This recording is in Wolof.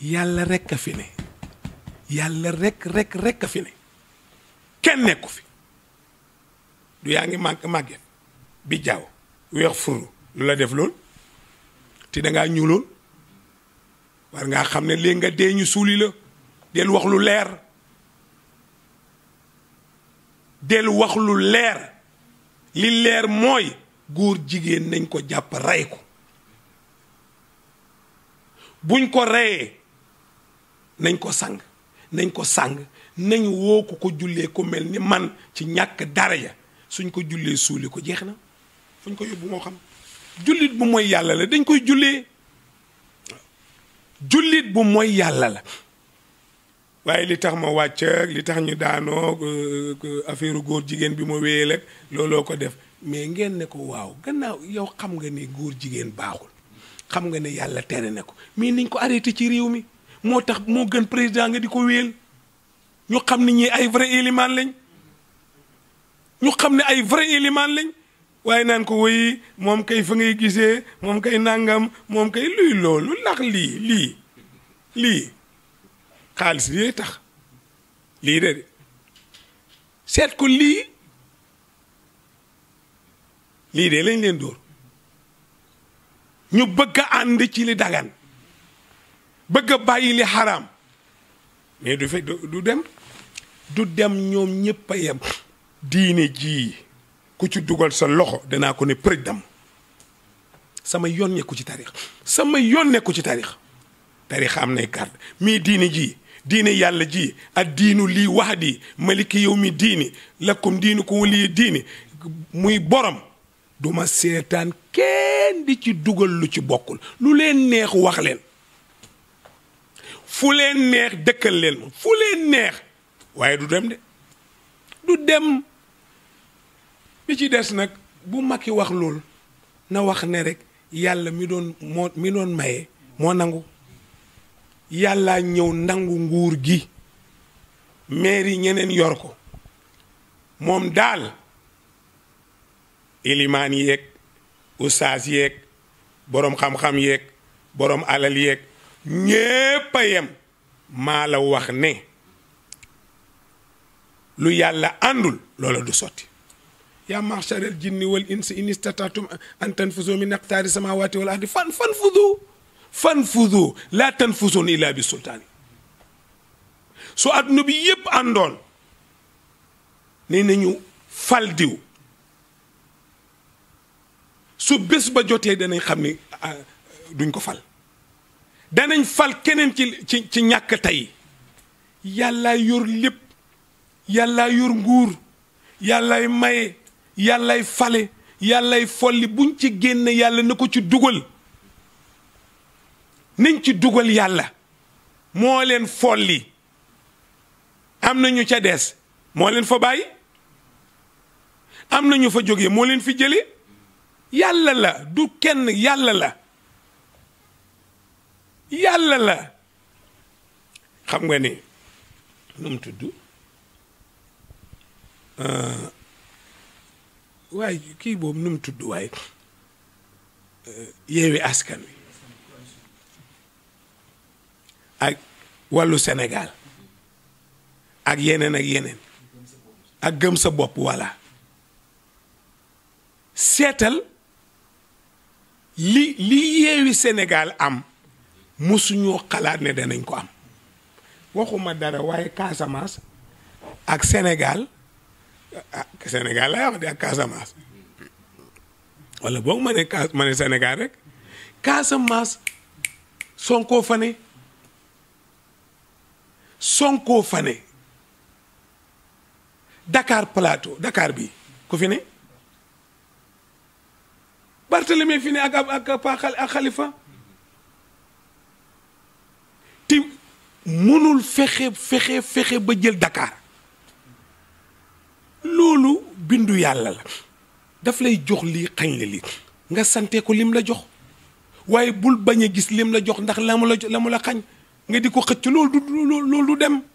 yàlla rekk a fi yàlla rekk rekk rekk a fine kenn nekku fi du yaa ngi màgg màgget bi jaaw weex furu lu la def lool te dangaa ñuuloon war ngaa xam ne léegi nga dee ñu suuli la del wax lu leer del wax lu leer li leer mooy góor jigéen nañ ko jàpp rey ko buñ ko reyee nañ ko sang nañ ko sang nañ woo ko ko jullee ko mel ni man ci ñàkk dara ya suñ ko jullee suuli ko jeex na fuñ ko yóbbu moo xam jullit bu mooy yàlla la dañ koy jullee jullit bu mooy yàlla la waaye li tax ma wàcc li tax ñu daanoo euh, affaire góor jigéen bi ma wéyal ak looloo ko def mais ngeen ne ko waaw gannaaw yow xam nga ni góor jigéen baaxul xam nga ne yàlla tere na ko mais niñ ko arrêté ci réew mi moo tax moo gën président nga di ko wéel ñu xam ne ñii ay vrai élimaan lañ ñu xam ne ay vrai élimaan lañ waaye naan ko woy moom kay fa ngay moom kay nangam moom kay luy loolu ndax lii lii lii xaalis bi tax lii de seet ko lii lii de lañ leen dóor ñu bëgg a ànd ci li bëgg a bàyyi li xaraam mais du fe du dem du dem ñoom ñëpp a yem diine ji ku ci dugal sa loxo danaa ko ne përëj dam sama yoon nekku ci taarix sama yoon nekku ci taarix taarix am nay carte mii diine ji diine yàlla ji ak diinu lii wahdi maliki yow mi diini lakkum diinu ko waliye diini muy borom duma seetaan kenn di ci dugal lu ci bokkul lu leen neex wax leen fu leen neex dëkkal leen ma fu leen neex waaye du dem de du dem bi ci des nag bu Macky wax lool na wax ne rek yàlla mi doon moo mi doon maye moo nangu yàlla ñëw nangu nguur gi maire yi ñeneen yor ko moom daal ilimaan yeeg ustaas yeeg boroom xam-xam yeeg boroom alal yeeg ñépp a yem maa la wax ne lu yàlla àndul loola du sotti yaa marcharal jinni wal insi in istataatum an tanfuzu min aqtaari samawati wal ardi fan fanfuzu fanfuzu laa tanfuzuun illaa bi sultaani su adduna bi yépp àndoon nañu fal diw su bés ba jotee danañ xam ni ah, duñ ko fal danañ fal keneen ci ci ci ñàkk tey yàllaay yor lépp yàllaay yur nguur yàllaay maye yàllaay fale yàllaay folli buñ ci génne yàlla na ko ci dugal niñ ci dugal yàlla moo leen folli am na ñu ca des moo leen fa bàyyi am nañu fa jóge moo leen fi jële yàlla la du kenn yàlla la yàlla la xam nga ni nu tudd euh, waaye kii boobu nu tudd waay euh, yeewi askan wi ak wàllu senegaal ak yeneen ak yeneen ak gëm sa bopp walla seetal li li yeewi Sénégal am mosuñoo xalaat ne danañ ko am waxuma dara waaye Casamance ak Sénégal ak Sénégal lay wax de ak Casamance wala boog ma ne Cas ma ne Sénégal rek Casamance Sonko fa ne Sonko fa ne Dakar bi ku fi ne Barthélemy fi ne ak ak ak Khalifa. ci mënul fexe fexe fexe ba jël Dakar loolu bindu yàlla la daf lay jox lii xañ la lii nga sante ko lim la jox waaye bul bañ a gis lim la jox ndax la mu la la mu la xañ nga di ko xëcc loolu loolu du dem